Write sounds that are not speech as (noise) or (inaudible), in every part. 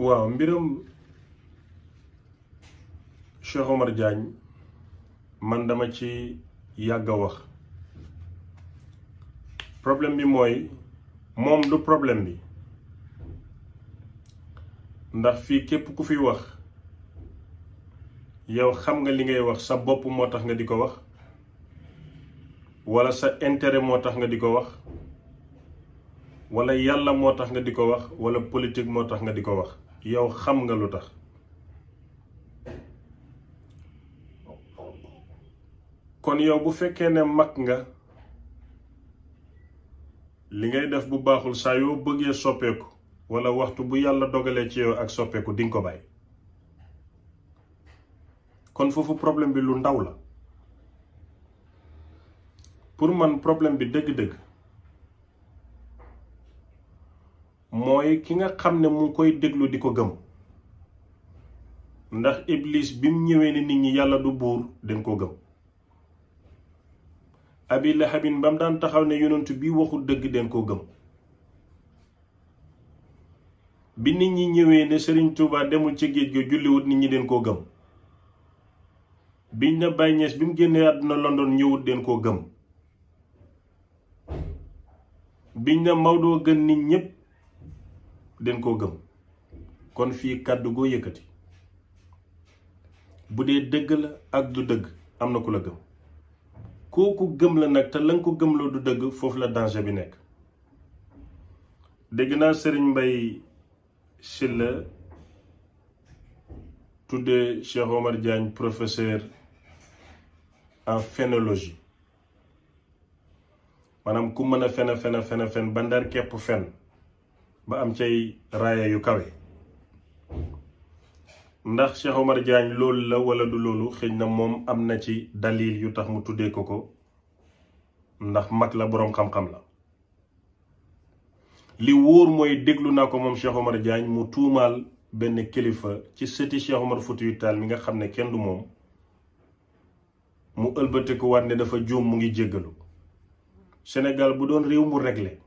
waaw mbiram Cheikh Omar Diagne man dama ci yàgg a wax problème bi mooy moom du problème bi ndax fii képp ku fi wax yow xam nga li ngay wax sa bopp moo tax nga di ko wax wala sa intérêt moo tax nga di ko wax walla yàlla moo tax nga di ko wax wala politique moo tax nga di ko wax yow xam nga lu tax kon yow bu fekkee ne mag nga li ngay def bu baaxul saa yoo bëggee soppeeku wala waxtu bu yàlla dogalee ci yow ak soppeeku dinga ko bàyyi kon foofu problème bi lu ndaw la pour man problème bi dëgg-dëgg mooy ki nga xam ne mu koy déglu di ko gëm ndax iblis bi mu ñëwee ne nit ñi yàlla du buur den ko gëm abila lahabin ba mu daan taxaw ne yonent bi waxul dëgg dañ ko gëm bi nit ñi ñëwee ne sëriñ Touba demul ci géej ga julliwut nit ñi den koo gëm biñ na Baye bi mu génnee àdduna London ñëwut den koo gëm biñ na Maodo gën nit ñépp den koo gëm kon fii kàddu goo yëkkati bu dee dëgg la ak du dëgg am na ku la gëm kooku gëm la nag te lañ nga gëm la du dëgg foofu la danger bi nekk dégg naa sëriñ Mbay Sylla tudde Cheikh Omar Diagne professeur en phénologie maanaam ku mën a fen a fen a fen a fen fen ba am cay raaya yu kawe ndax Cheikh Omar Diagne loolu la wala du loolu xëy na moom am na ci daliil yu tax mu tuddee ko ko ndax mag la boroom xam-xam la li wóor mooy déglu naa ko moom Cheikh Omar Diagne mu tuumaal benn kilifa ci sëti Cheikh Omar Foutiyou Tall mi nga xam ne kenn du moom mu ëlbatiku waat ne dafa juum mu ngi jéggalu senegal bu doon réew mu réglé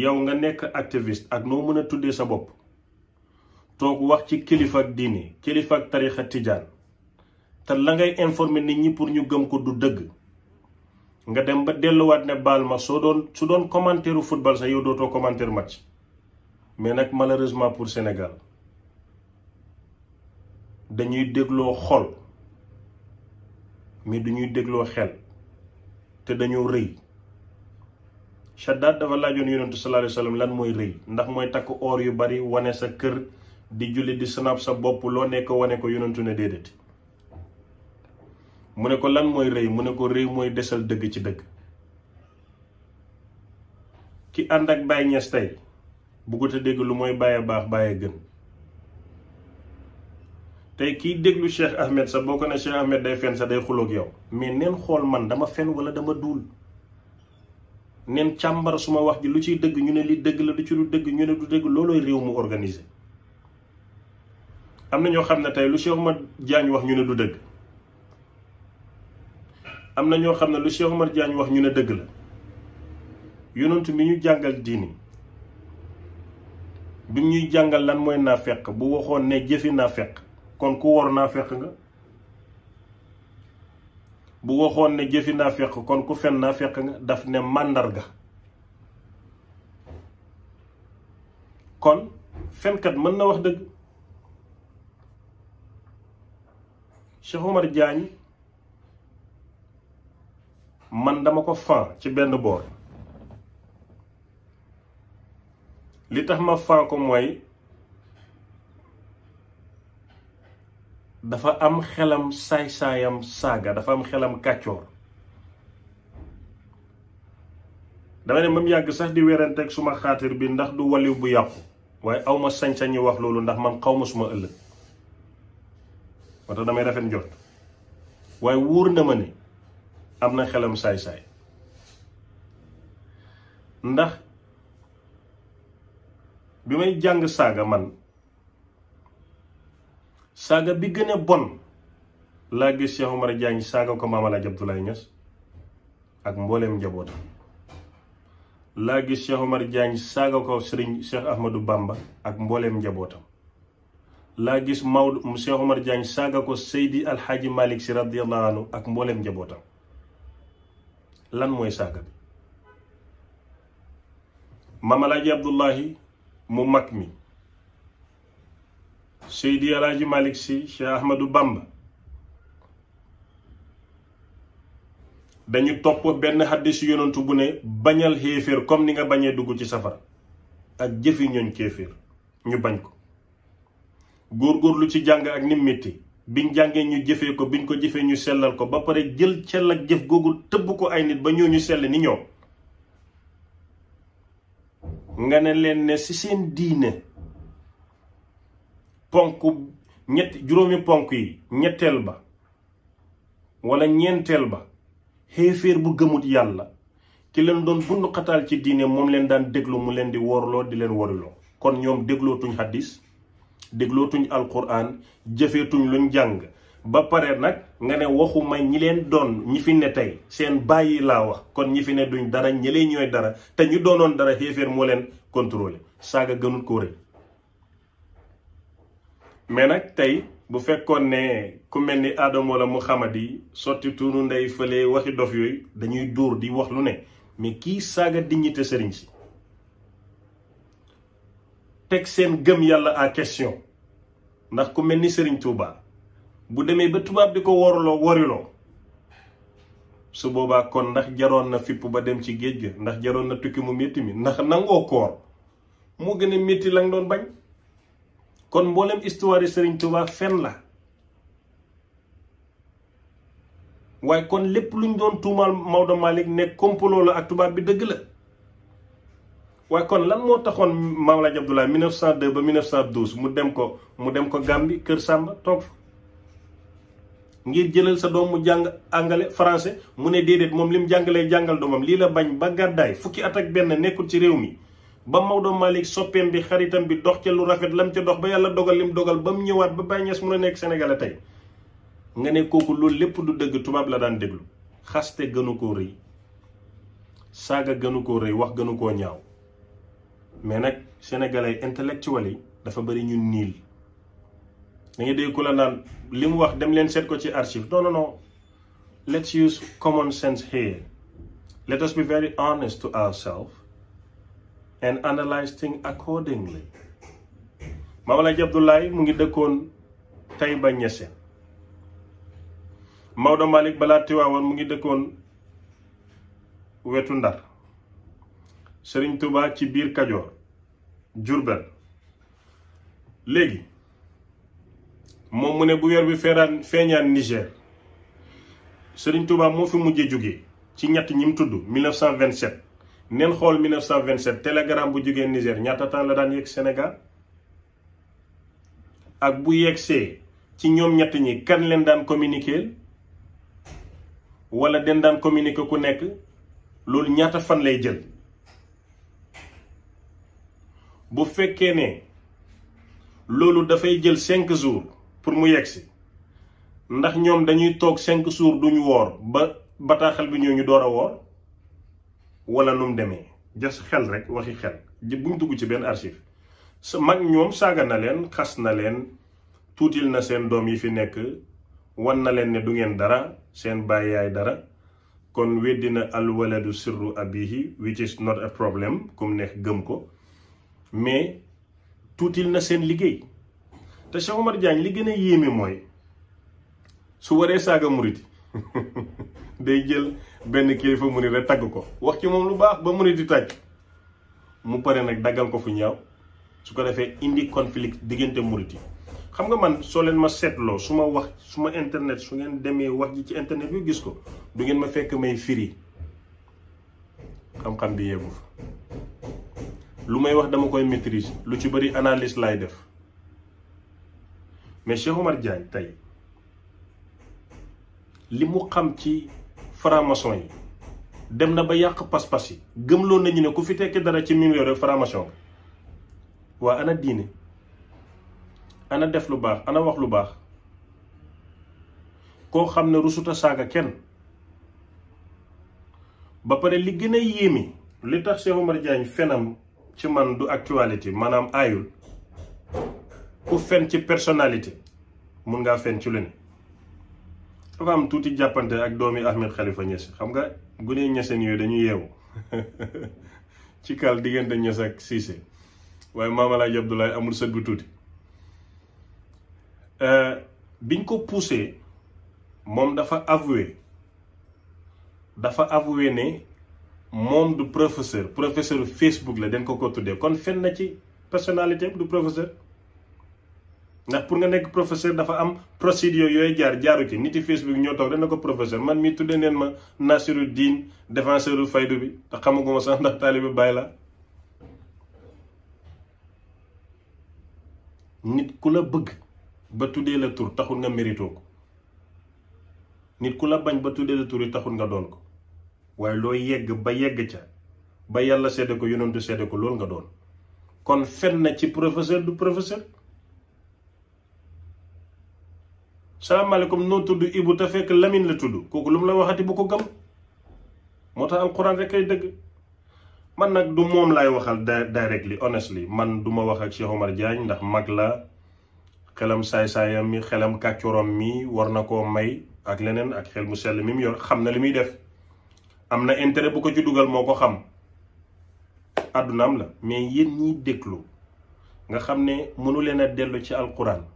yow nga nekk activiste ak noo mën a tuddee sa bopp toog wax ci kilifa ak diine kilifa ak tarixa tijaan te la ngay informer nit ñi pour ñu gëm ko du dëgg nga dem ba delluwaat ne baal ma soo doon su doon commentaire football sax yow dootoo commentaire match mais nag malheureusement pour Sénégal dañuy dégloo xol mi duñuy dégloo xel te dañoo rëy Shaddaad dafa laajoon yonentu sallallahu alayhi wa sallam lan mooy rëy ndax mooy takk or yu bari wane sa kër di julli di snap sa bopp loo nekk wane ko yonentu ne déedéet mu ne ko lan mooy rëy mu ne ko rëy mooy desal dëgg ci dëgg ki ànd ak Baay Ñas tey bu ko te dégg lu mooy Baay a baax Baay a gën tey kiy déglu Cheikh Ahmed sa boo ko ne Cheikh Ahmed day fen sa day xuloog yow mais neen xool man dama fen wala dama duul neen càmbara suma wax ji lu ciy dëgg ñu ne li dëgg la lu ci lu dëgg ñu ne du dëgg loolooy réew mu organisé am na ñoo xam ne tey lu Cheikh ma Diagne wax ñu ne du dëgg am na ñoo xam ne lu Cheikh Oumar jaañ wax ñu ne dëgg la yonent mi ñu jàngal diini bi ñuy jàngal lan mooy naafeq bu waxoon ne jëfi naafeq kon ku wor naafeq nga bu waxoon ne jëfi naa fekk kon ku fen naa fekk nga daf ne màndarga kon fenkat mën na wax dëgg Cheikh Oumar Diagne man dama ko fan ci benn boor li tax ma fan ko mooy dafa am xelam saay-saayam saaga dafa am xelam kàccoor dama ne mam yàgg sax di weranteeg suma xaatir bi ndax du waliw bu yàqu waaye awma sañ-sañi wax loolu ndax man xaw ma suma ëllëg moo damay rafet njot waaye wóor na ma ne am na xelam saay-saay ndax bi may jàng saaga man saaga bi gën a bon laa gis Cheikh Omar Diagne saaga ko Maam Alaaji Abdoulaye ak mbooleem njabootam laa gis Cheikh Omar saaga ko njabootam laa gis Maodo Cheikh Omar Diagne ko Seydi Alxaaji Malick si radiyallahu ak mbooleem njabootam lan mooy saaga bi Maam Alaaji mu mag mi Seydi Alaaji Malick Sy Cheikh Ahmadou Bamba dañu topp benn xaddis yonantu bu ne bañal xéeféer comme ni nga bañee dugg ci safara ak jëfi ñooñ kéeféer ñu bañ ko góorgóorlu ci jàng ak nim métti biñ jàngee ñu jëfee ko biñ ko jëfee ñu sellal ko ba pare jël sell ak jëf googu tëbb ko ay nit ba ñoo ñu sell ni ñoo nga ne leen ne ci seen diine ponk ñett juróomi ponk yi ñetteel ba wala ñeenteel ba xéeféer bu gëmut yàlla ki leen doon bund xataal ci diine moom leen daan déglu mu leen di worloo di leen woriloo kon ñoom déglootuñ xaddis déglootuñ alquran jëfeetuñ luñ jàng ba pare nag nga ne waxu waxuma ñi leen doon ñi fi ne tey seen bàyyi laa wax kon ñi fi ne duñ dara ñi leen ñooy dara te ñu doonoon dara xéeféer moo leen contrôlé saaga gënul ko rëy mais nag tey bu fekkoon ne ku mel ni aadam walla Muhammad yi sotti tuuru ndey fële waxi dof yooyu dañuy dóor di wax lu ne mais kii saaga dignité sëriñ si teg seen gëm yàlla en question ndax ku mel ni sëriñ Touba bu demee ba tubaab di ko waruloo wariloo su boobaa kon ndax jaroon na fipp ba dem ci géej ga ndax jaroon na tukki mu métti mi ndax nangoo koor moo gën a métti la doon bañ kon mboolem histoire yi Serigne Touba fen la waaye kon lépp lu ñu doon tuumaal Maodo Malick ne complot la ak tubaab bi dëgg la waaye kon lan moo taxoon Mawlaaj Abdoulaye 1902 ba 1912 mu dem ko mu dem ko Gàmbi Kër sàmba toog ngir jëlal sa doom mu jàng angale français mu ne déedéet moom lim jàngalee jàngal doomam lii la bañ ba gàddaay fukki at ak benn nekkul ci réew mi. ba Maodo Malick soppeem bi xaritam bi dox ca lu rafet lam ca dox ba yàlla dogal lim dogal ba mu ñëwaat ba Baye Niass mun a nekk Sénégalais tey nga ne kooku loolu lépp du dëgg tubaab la daan déglu xaste gënu koo rëy saaga gënu koo rëy wax gënu koo ñaaw mais nag sénégalais intellectuels yi dafa bëri ñu niil da nga dégg ku la naan li mu wax dem leen seet ko ci archive non non non let's use common sense here let us be very honest to ourselves and analyze things accordingly Maam Alaaji Abdoulaye mu ngi dëkkoon Taïba Niassène Maodo Malick balaa Tiwaawoon mu ngi dëkkoon wetu Ndar Serigne Touba ci biir Kajoor Jurbel léegi moom mu ne bu weer bi feeraan feeñaan Niger seriñ Touba moo fi mujjee jóge ci ñett ñi mu tudd 1927 neen xool 1927 télégramme bu jigéen Niger ñaata temps la daan yegg Sénégal ak bu yegsee ci ñoom ñett ñi kan leen daan communique wala den daan ku nekk loolu ñaata fan lay jël bu fekkee ne loolu dafay jël cinq jours pour mu yegsi ndax ñoom dañuy toog cinq jours duñu woor ba bataaxal bi ñëw ñu door a woor wala nu mu demee jas xel rek waxi xel buñ dugg ci benn archive sa mag ñoom saaga na leen xas na leen tuutil na seen doom yi fi nekk wan na leen ne du ngeen dara seen bàyyi yaay dara kon weddi na alwaladu sirru abihi which is not a problem comme neex gëm ko mais tuutil na seen liggéey te Cheikh Omar Diagne li gën a yéeme mooy su waree saaga murit (laughs) day jël benn kilifa mu ni rek tagg ko wax ci moom lu baax ba mu ne di tàcc mu pare nag daggal ko fu ñaaw su ko defee indi conflit diggante murit yi xam nga man soo leen ma seetloo su ma wax su ma internet su ngeen demee wax ji ci internet bi gis ko du ngeen ma fekk may firi xam-xam bi yeggu lu may wax dama koy maîtrise lu ci bari analyse laay def mais Cheikh Oumar Diagne tey li mu xam ci franc yi dem na ba yàq pas-pas yi gëmloo nañu ne ku fi tekki dara ci mim réew waa ana diine ana def lu baax ana wax lu baax koo xam ne rusuta saaga kenn ba pare li gën a yéeme li tax Cheikh Oumar Diagne fenam ci man du actualité maanaam aayul ku fen ci personnalité mun ngaa fen ci lu dafa am tuuti jàppante ak doomi Ahmed Khalifa Niass xam nga gune ñeseen yooyu dañu yeewu (laughs) ci kal diggante Niass ak Cissé waaye Mame Alhaji amul sët bu tuuti euh, biñ ko poussé moom dafa avoué dafa avoué ne moom du professeur professeur Facebook la dañ ko ko tuddee kon fen na ci personnalité du professeur ndax pour nga nekk professeur dafa am procédure yooyu jaar jaaru ci niti Facebook ñoo toog dana ko professeur man mi tuddee neen ma Nasiru Diin défenseur faydu bi te xamaguma sax ndax taalibi bàyyi la nit ku la bëgg ba tuddee la tur taxul nga mérito ko nit ku la bañ ba tuddee la tur yi taxul nga doon ko waaye loo yegg ba yegg ca ba yàlla sedde ko yonentu sedde ko loolu nga doon kon fen na ci professeur du professeur salaamaaleykum noo tudd Ibou te fekk Lamine la tudd kooku lu mu la waxati bu ko gëm moo tax alxuraan rek kay dëgg man nag du moom laay waxal directly honestly man du ma wax ak Cheikh Omar Diagne ndax mag la xelam saay-saayam mi xelam kàccorom mi war na koo may ak leneen ak xel mu sell mi mu yor xam na li muy def am na intérêt bu ko ci dugal moo ko xam am la mais yi ñiy déglu nga xam ne mënu leen a dellu ci alxuraan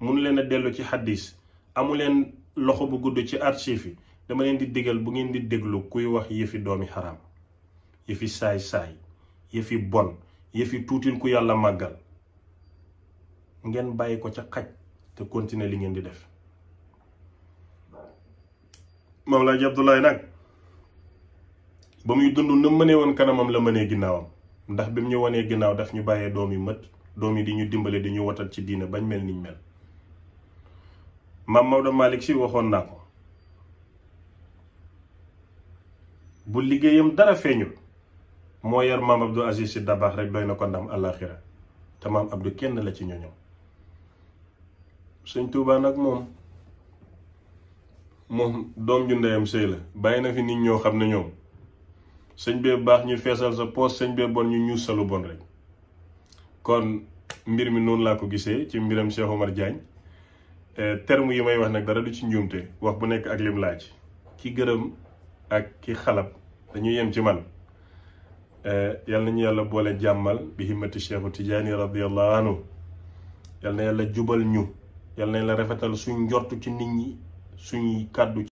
mënu leen a dellu ci xaddis amu leen loxo bu gudd ci archive yi dama leen di digal bu ngeen di déglu kuy wax yëfi doomi xaram yëfi saay-saay yëfi bon yëfi tuutil ku yàlla màggal ngeen bàyyi ko ca xaj te continuer li ngeen di def moom laa ji Abdoulaye nag ba muy dund na mënee woon kanamam la mënee ginnaawam ndax bi mu ñu wanee ginnaaw daf ñu bàyyee doom yi mët doom yi di ñu dimbale di ñu wotal ci diine bañ mel niñ mel maam Maodo Malick si waxoon naa ko bu liggéeyam dara feeñul moo yar maam Abdou Aziz si dabaax rek doy na ko ndam àllaaxira te maam Abdou kenn la ci ñoñom sëñ Tuubaa nag moom moom doom ju ndeyam sëy la bàyyi na fi nit ñoo xam ne ñoom sëñ bee baax ñu feesal sa poos sëñ bee bon ñu ñuus sa lu bon rek kon mbir mi noonu laa ko gisee ci mbiram Cheikh Omar Diagne Euh, terme yi may wax nag dara du ci njuumte wax bu nekk ak lim laaj ki gërëm ak ki xalab dañuy yem ci man euh, yal nañu yàlla boole jàmmal bi himmati cheikhu tijaani radiallahu anhu yal na yàlla jubal ñu yal na la rafetal suñ njortu ci nit ñi suñuy kàddu